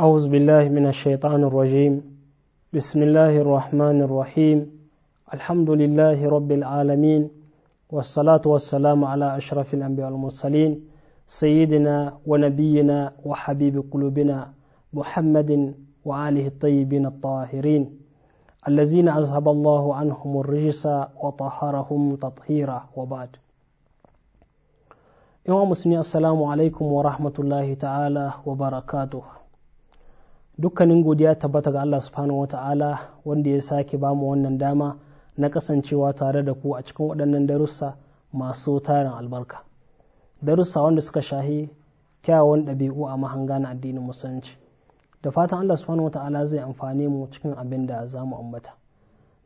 أعوذ بالله من الشيطان الرجيم بسم الله الرحمن الرحيم الحمد لله رب العالمين والصلاة والسلام على أشرف الأنبياء والمرسلين سيدنا ونبينا وحبيب قلوبنا محمد وآله الطيبين الطاهرين الذين أذهب الله عنهم الرجس وطهرهم تطهيرا وبعد يوم السلام عليكم ورحمة الله تعالى وبركاته dukkanin godiya tabbata ga Allah subhanahu ta'ala wanda ya sake ba mu wannan dama na kasancewa tare da ku a cikin waɗannan darussa masu tarin albarka darussa wanda suka shahi kyawawan ɗabi'u a mahanga na addinin musulunci da fatan Allah subhanahu ta'ala zai amfane mu cikin abin da za mu ambata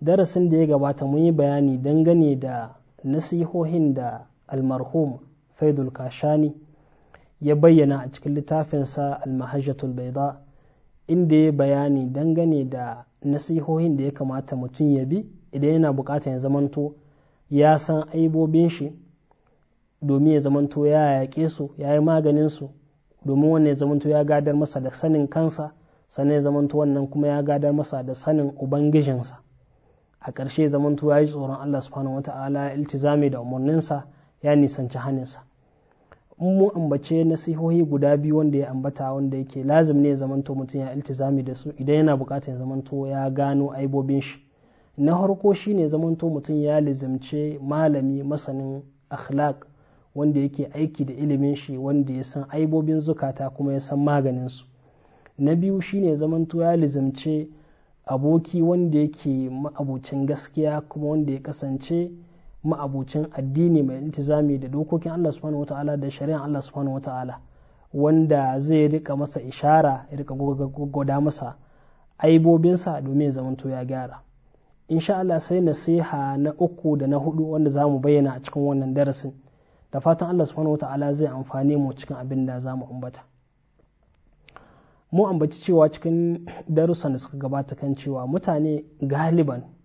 darasin da ya gabata mun yi bayani dangane da nasihohin da almarhum faidul kashani ya bayyana a cikin littafinsa almahajjatul baida inda ya bayani dangane da nasihohin da ya kamata mutum ya bi idan yana bukatar ya zamanto ya san aibobin shi domin ya zamanto ya yaƙe su ya yi maganin su domin wannan ya zamanto ya gadar masa da sanin kansa sannan ya zamanto wannan kuma ya gadar masa da sanin ubangijinsa a ƙarshe zamanto ya yi tsoron Allah subhanahu wata'ala ya iltizami da umarninsa ya nisanci haninsa in mu ambace nasihohi guda biyu wanda ya ambata wanda yake lazim ne zamanto mutum ya iltizami da su idan yana bukatar zamanto ya gano aibobin shi na harko shi ne zamanto mutum ya lizimce malami masanin akhlaq wanda yake aiki da ilimin shi wanda ya san aibobin zukata kuma ya san maganin su na biyu shi ne zamanto ya lizimce aboki wanda yake ma'abucin gaskiya kuma wanda ya kasance ma'abucin addini mai intizami da dokokin Allah subhanahu wata'ala da shari'an Allah subhanahu wata'ala wanda zai rika masa ishara ya rika gwada masa aibobinsa domin zamanto ya gyara insha Allah sai nasiha na uku da na hudu wanda za mu bayyana a cikin wannan darasin da fatan Allah subhanahu wata'ala zai amfane mu cikin abin da za mu ambata mu ambaci cewa cikin darussan da suka gabata kan cewa mutane galiban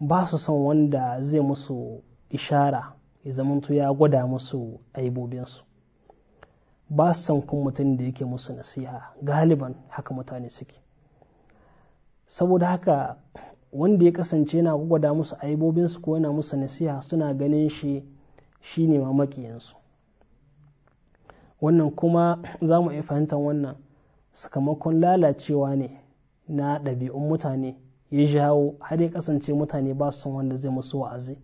ba su son wanda zai musu ishara ya zamanto ya gwada musu aibobinsu ba su son kun mutum da yake musu nasiha galiban haka mutane suke saboda haka wanda ya kasance yana gwada musu aibobinsu ko yana musu nasiha suna ganin shi shine ma makiyansu wannan kuma za mu iya fahimtar wannan sakamakon lalacewa ne na ɗabi'un mutane ya jawo har ya kasance mutane ba su wanda zai musu wa'azi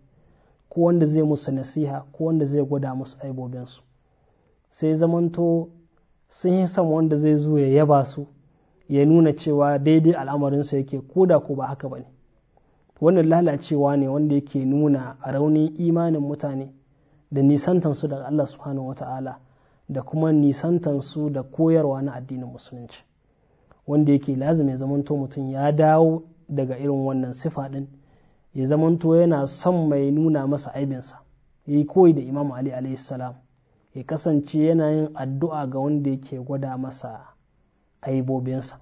ko wanda zai musu nasiha ko wanda zai gwada musu aibobinsu sai zamanto sun yi son wanda zai zo ya yaba su ya nuna cewa daidai al'amarinsu yake ko da ko ba haka ba ne wannan lalacewa ne wanda yake nuna a raunin imanin mutane da nisantansu daga Allah subhanahu wata'ala da kuma nisantansu da koyarwa na addinin musulunci wanda yake lazumin zamanto mutum ya dawo daga irin wannan sifa ɗin ya zamanto yana son mai nuna masa aibinsa ya yi koyi da imam ali alaihissalam ya kasance yana yin addu'a ga wanda yake gwada masa aibobinsa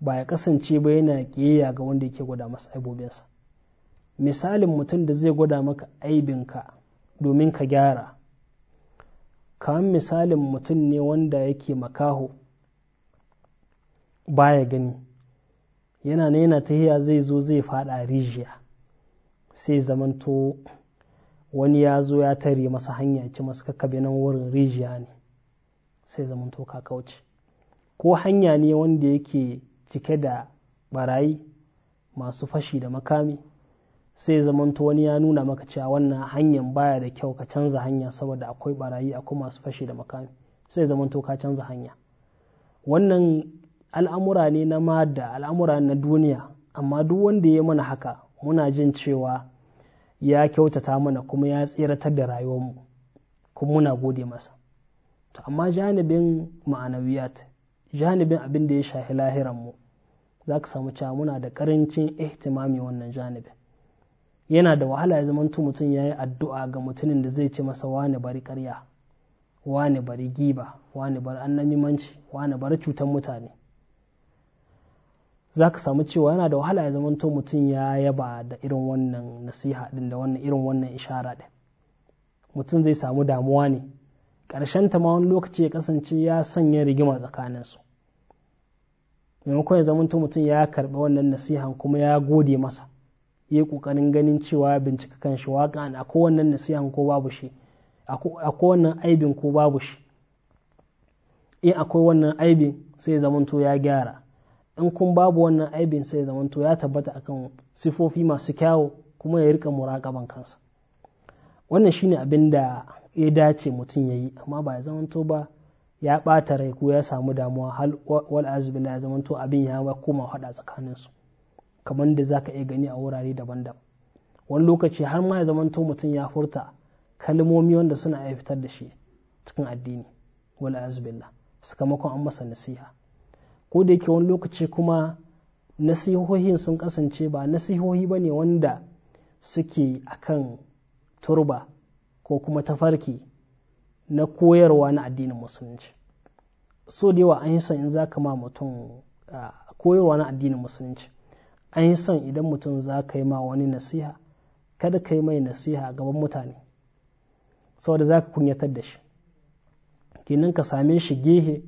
ba ya kasance ba yana ƙiyayya ga wanda yake gwada masa aibobinsa misalin mutum da zai gwada maka aibinka domin ka gyara kamar misalin mutum ne wanda yake makaho baya gani yana na yana tahiya zai zo zai fada rijiya sai zamanto wani ya zo ya tare masa hanya ci masa kakkabe nan wurin rijiya ne sai zamanto ka kauce ko hanya ne wanda yake cike da barayi masu fashi da makami sai zamanto wani ya nuna maka cewa wannan hanyar baya da kyau ka canza hanya saboda akwai barayi akwai masu fashi da makami sai zamanto ka canza hanya wannan al'amura ne na ma da al'amura na duniya amma duk wanda ya mana haka muna jin cewa ya kyautata mana kuma ya tseratar da rayuwarmu kuma muna gode masa to amma janibin ma'anawiyat janibin abin da ya shafi lahiranmu za ka samu cewa muna da karancin ihtimami wannan janibin yana da wahala ya zama mutum ya yi addu'a ga mutumin da zai ce masa wane bari karya wane bari giba wani bari annamimanci wani bari cutar mutane za ka samu cewa yana da wahala ya zamanto mutum ya yaba da irin wannan nasiha din da wannan irin wannan ishara din mutum zai samu damuwa ne ƙarshen ta ma wani lokaci ya kasance ya sanya rigima tsakanin su maimakon ya zamanto mutum ya karɓi wannan nasihan kuma ya gode masa ya ƙoƙarin ganin cewa ya bincika kan shi waƙa a wannan nasihan ko babu shi a wannan aibin ko babu shi in akwai wannan aibin sai zamanto ya gyara in kun babu wannan aibin sai zaman to ya tabbata akan sifofi masu kyawu kuma ya rika muraƙaban kansa wannan shine abin da ya dace mutum ya yi amma ba ya to ba ya ɓata rai ko ya samu damuwa hal wal ya zamanto abin ya koma haɗa tsakanin su kamar da zaka iya gani a wurare daban-daban wani lokaci har ma ya zamanto mutum ya furta kalmomi wanda suna iya da shi cikin addini wal azbillah sakamakon an masa nasiha ko da yake wani lokaci kuma nasihohin sun kasance ba nasihohi ba ne wanda suke a kan turba ko kuma tafarki na koyarwa na addinin musulunci so da yawa an yi son in za ka ma mutum koyarwa na addinin musulunci an yi son idan mutum za ka yi ma wani nasiha kada ka yi mai nasiha gaban mutane saboda za ka kunyatar da shi kenan ka same shi gehe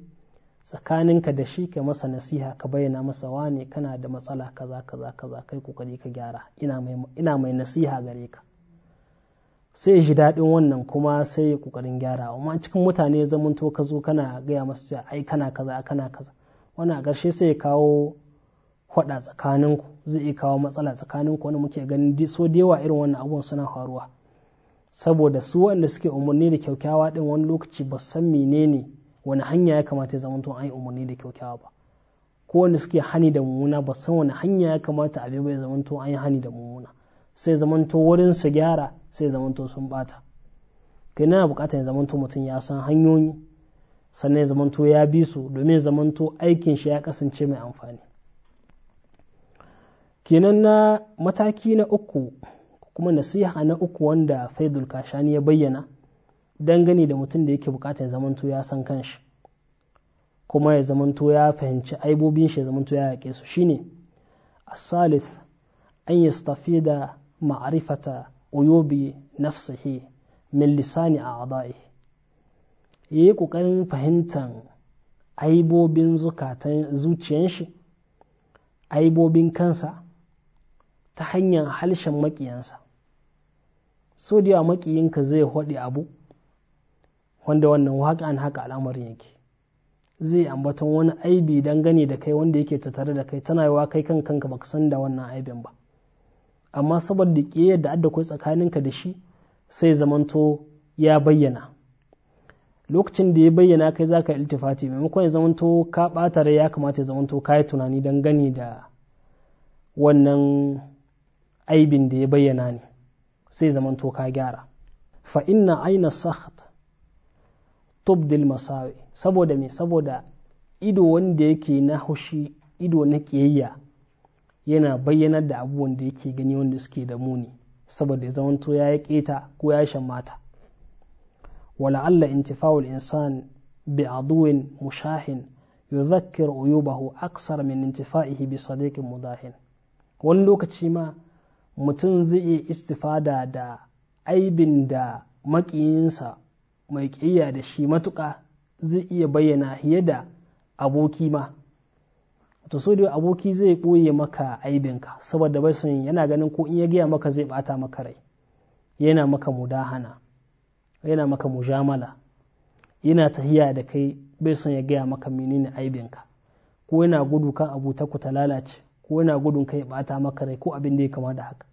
tsakaninka da shi ka masa nasiha ka bayyana masa wane kana da matsala kaza kaza kaza kai kokari ka gyara ina mai nasiha gare ka sai ji daɗin wannan kuma sai ya kokarin gyara amma cikin mutane to ka zo kana gaya masu cewa ai kana kaza kana kaza wannan a ƙarshe sai ya kawo faɗa tsakaninku zai iya kawo matsala tsakaninku wani muke ganin so da yawa irin wannan abubuwan suna faruwa saboda su waɗanda suke umarni da kyaukyawa ɗin wani lokaci ba san menene wani hanya ya kamata ya zamanto an yi umarni da kyaukyawa ba ko wanda suke hani da mummuna ba san wani hanya ya kamata a bai zamanto an yi hani da mummuna sai zamanto wurin su gyara sai zamanto sun bata kai na bukatar ya zamanto mutum ya san hanyoyi sannan ya zamanto ya bi su domin zamanto aikin shi ya kasance mai amfani kenan na mataki na uku kuma nasiha na uku wanda faidul kashani ya bayyana dangane da mutum da yake bukatar zamanto ya san kanshi kuma ya zamanto ya fahimci aibobin shi ya zamanto ya yaƙe su shine asalith an yi da ma'arifata uyobi nafsihi min lisani a a'da'i yayi kokarin fahimtan aibobin zukatan zuciyan shi aibobin kansa ta hanyar halshen makiyansa so da yawa makiyinka zai haɗe abu wanda wannan an haka al'amarin yake zai ambaton wani aibi gani da kai wanda yake tattare da kai tana yawa kai kan kanka baka san da wannan aibin ba amma saboda ƙiyayyar da adda kai tsakaninka da shi sai zamanto ya bayyana lokacin da ya bayyana kai za ka iltifati maimakon ya zamanto ka ɓata rai ya kamata ya zamanto ka yi tunani gani da wannan aibin da ya bayyana ne sai zamanto ka gyara fa inna aina saht tubdil masawi saboda me saboda ido wanda yake na hushi ido na kiyayya yana bayyanar da abubuwan da yake gani wanda suke da muni saboda ya zamanto ya yi keta ko ya mata. wala Allah intifa'ul insan bi aduwin mushahin yuzakkir uyubahu aksar min intifa'ihi bi sadiqin mudahin wani lokaci ma mutum zai iya istifada da aibin da makiyinsa mai ƙiyya da shi matuƙa zai iya bayyana fiye da aboki ma to so da aboki zai ɓoye maka aibinka saboda bai son yana ganin ko in ya gaya maka zai ɓata maka rai yana maka mudahana yana maka mujamala yana tahiya da kai bai son ya gaya maka menene aibinka ko yana gudu kan abu ta ku ta lalace ko yana gudun kai ya ɓata maka rai ko abin da ya kama da haka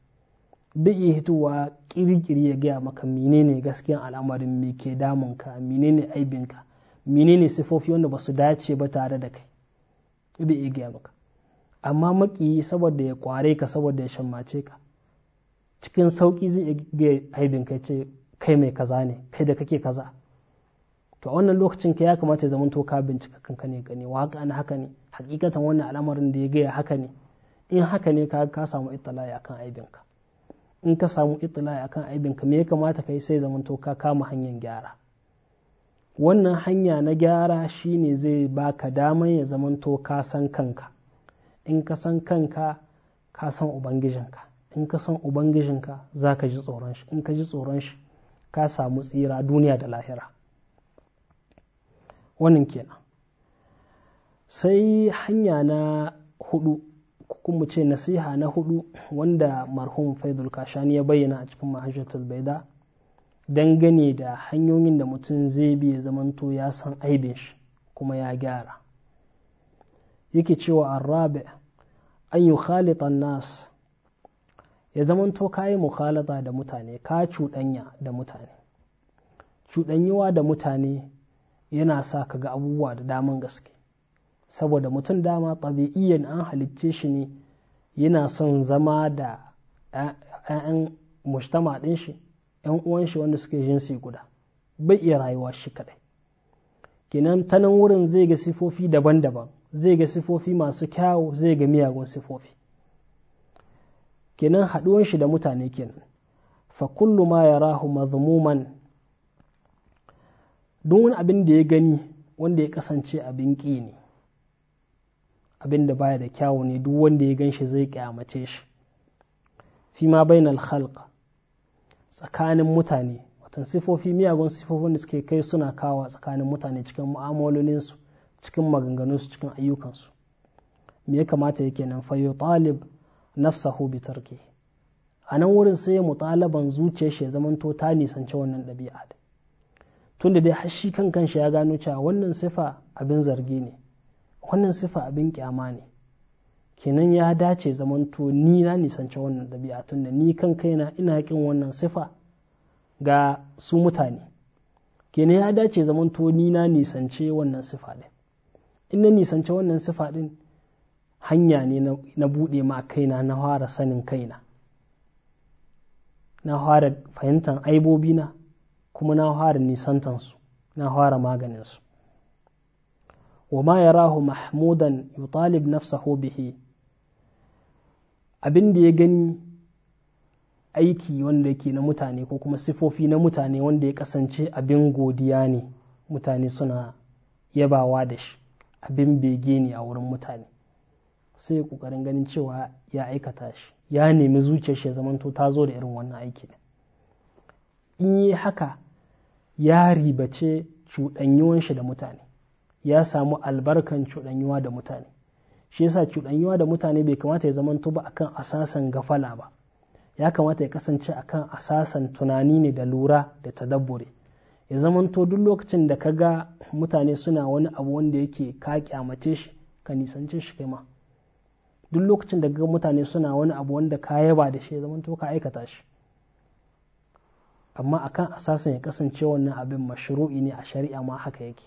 bai iya hitowa kirkiri ya gaya maka menene gaskiyan al'amarin me ke ka? menene aibinka menene sifofi wanda ba su dace ba tare da kai Ibi iya gaya maka amma maki saboda ya kware ka saboda ya shammace ka cikin sauki zai iya gaya aibinka ce kai mai kaza ne kai da kake kaza to a wannan lokacin ka ya kamata ya zamanto ka bincika kanka ne gani waka na haka ne hakikatan wannan al'amarin da ya gaya haka ne in haka ne ka samu kan akan ka? in ka samu itila akan aibin ka me ya kamata ka yi sai zamanto ka kama hanyar gyara wannan hanya na gyara shine zai baka damar ya zamanto ka san kanka in ka san kanka ka san ubangijinka in ka san ubangijinka za ka ji tsoron shi in ka ji tsoron shi ka samu tsira duniya da lahira wannan kenan sai hanya na hudu mu ce nasiha na hudu wanda marhum faidul kashani ya bayyana a cikin mahajjatul baida dangane da hanyoyin da mutum zai bi ya zamanto ya san aibin shi kuma ya gyara yake cewa arrabe an yi khalitan nas ya zamanto ka yi mukhalata da mutane ka cuɗanya da mutane cuɗanyuwa da mutane yana sa ka ga abubuwa da daman gaske saboda mutum dama ɗabi'iyyar an halicce shi ne yana son zama da 'ya'yan mujtama ɗin shi 'yan uwan shi wanda suke jinsi guda bai iya rayuwa shi kaɗai kenan ta wurin zai ga sifofi daban-daban zai ga sifofi masu kyawu zai ga miyagun sifofi kenan haɗuwan shi da mutane kenan fa kullu ma rahu, mazmuman duk wani abin da ya gani wanda ya kasance abin ƙi ne abin da baya da kyawu ne duk wanda ya ganshi zai kyamace shi fi ma bainal khalq tsakanin mutane watan sifofi miyagun sifofin da suke kai suna kawa tsakanin mutane cikin su cikin maganganunsu cikin ayyukansu me ya kamata yake nan fa yutalib nafsahu bi tarki a wurin sai ya mutalaban zuciyar shi ya zamanto ta nisanci wannan ɗabi'a tunda dai har shi kan kanshi ya gano cewa wannan sifa abin zargi ne wannan sifa abin kyama ne kenan ya dace zamanto ni na nisanci wannan ɗabi'a tun da ni kan kaina ina kin wannan sifa ga su mutane kenan ya dace zamanto ni na nisance wannan sifa ɗin in na nisance wannan sifa ɗin hanya ne na buɗe ma kaina na fara sanin kaina na fara fahimtar aibobina kuma na fara nisantansu na fara maganinsu Wa ma yarahu mahmudan yutalib nafsahu bihi abin da ya gani aiki wanda yake na mutane ko kuma sifofi na mutane wanda ya kasance abin godiya ne mutane suna yabawa da shi abin bege ne a wurin mutane sai ya kokarin ganin cewa ya aikata shi ya nemi zuciyar shi ya zamanto ta zo da irin wannan aiki in yi haka ya ribace cuɗanyuwan shi da mutane ya samu albarkan cuɗanyuwa da mutane shi yasa cuɗanyuwa da mutane bai kamata ya zamanto ba akan asasan gafala ba ya kamata ya kasance akan asasan tunani ne da lura da tadabbure ya zamanto duk lokacin da ka ga mutane suna wani abu wanda yake ka kyamace shi ka nisance shi kai ma duk lokacin da ga mutane suna wani abu wanda ka yaba da shi ya zamanto ka aikata shi amma akan asasin ya kasance wannan abin mashru'i ne a shari'a ma haka yake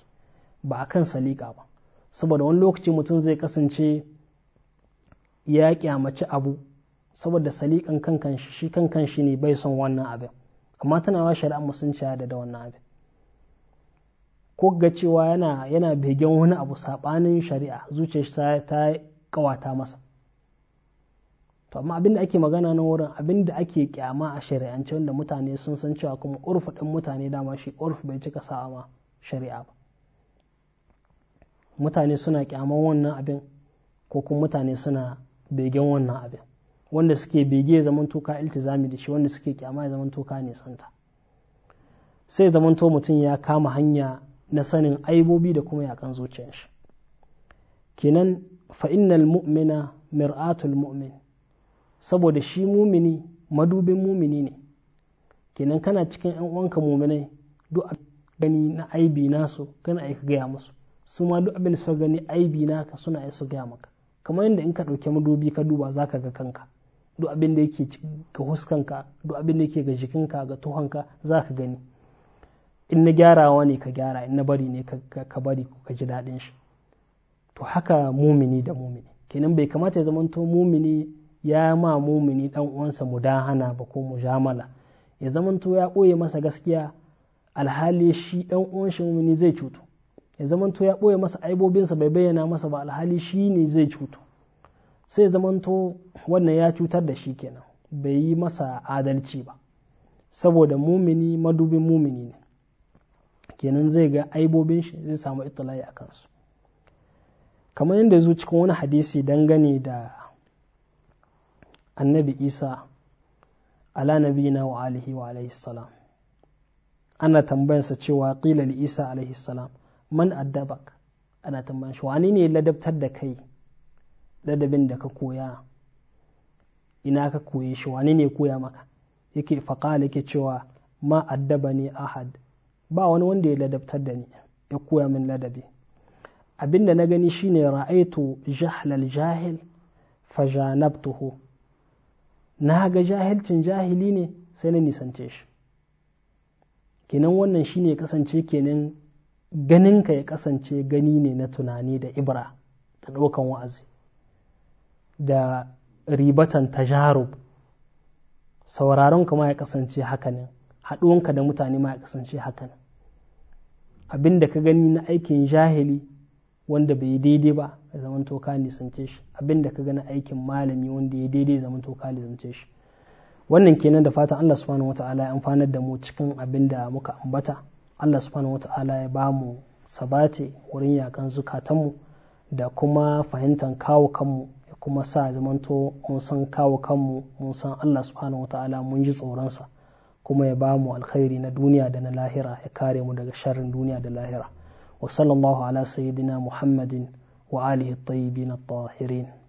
ba a kan salika ba saboda wani lokaci mutum zai kasance ya kyamaci abu saboda salikan kankan shi shi kankan shi ne bai son wannan abin amma tunawa shari'a musulunci ya da wannan abin ko ga cewa yana yana begen wani abu saɓanin shari'a zuciyarsa ta kawata masa to amma abin da ake magana na wurin abin da ake kyama a shari'ance wanda mutane sun san cewa kuma urfu din mutane dama shi urfu bai cika sa'a ma shari'a ba mutane suna kyaman wannan abin ko kuma mutane suna begen wannan abin wanda suke bege zaman toka iltizami da shi wanda suke kyama zaman toka ne santa sai zaman to mutum ya kama hanya na sanin aibobi da kuma yakan zuciyar shi kenan fa'innal mu'mina mir'atul mu'min saboda shi mumini madubin mumini ne kenan kana cikin 'yan uwanka muminai duk gani na aibi nasu kana aika gaya musu su ma duk abin da suka gani aibi naka suna yi su gaya maka kamar yadda in ka ɗauki madubi ka duba za ka ga kanka duk abin da yake ga huskanka duk abin da yake ga jikinka ga tuhonka za ka gani in na gyarawa ne ka gyara in na bari ne ka bari ka ji daɗin shi to haka mumini da mumini kenan bai kamata ya zamanto mumini ya ma mumini dan uwansa mu dahana ba ko mujamala ya zamanto ya ɓoye masa gaskiya alhali shi dan uwan shi mumini zai cutu ya zamanto ya ɓoye masa aibobinsa bai bayyana masa ba alhali shi ne zai cuto sai zamanto wannan ya cutar da shi kenan bai yi masa adalci ba saboda mumini madubin mumini ne kenan zai ga aibobin shi zai samu itilai a kansu kamar yadda zo cikin wani hadisi dangane da annabi isa ala nabina wa alihi wa alaihi salam ana tambayansa cewa ƙilal li isa alaihi salam man addabak ana tambayan shi wani ne ladabtar da kai ladabin da ka koya ina ka koye shi wani ne koya maka yake faƙala yake cewa ma addaba ne ahad ba wani wanda ya ladabtar da ni ya koya min ladabi abin da na gani shine ra'aitu jahlal jahil fajanabtuhu na ga jahilcin jahili ne sai na nisance shi kenan wannan shine kasance kenan ganinka ya kasance gani ne na tunani da ibra da ɗaukan wa'azi da ribatan tajarub sauraronka ma ya kasance haka haɗuwanka da mutane ma ya kasance haka ne abin da ka gani na aikin jahili wanda bai daidai ba ya zaman toka nisance shi abin da ka gani aikin malami wanda ya daidai zaman toka nisance shi wannan kenan da fatan Allah subhanahu ta'ala ya amfanar da mu cikin abin da muka ambata Allah subhanahu wata'ala ya ba mu sabati wurin yakan zukatanmu da kuma fahimtar kawo kanmu ya kuma sa zamanto mun san kawo kanmu mun san Allah subhanahu wata'ala mun ji tsoronsa kuma ya ba mu alkhairi na duniya da na lahira ya kare mu daga sharrin duniya da lahira wa sallallahu ala sayyidina muhammadin wa alihi at-tayyibin at-tahirin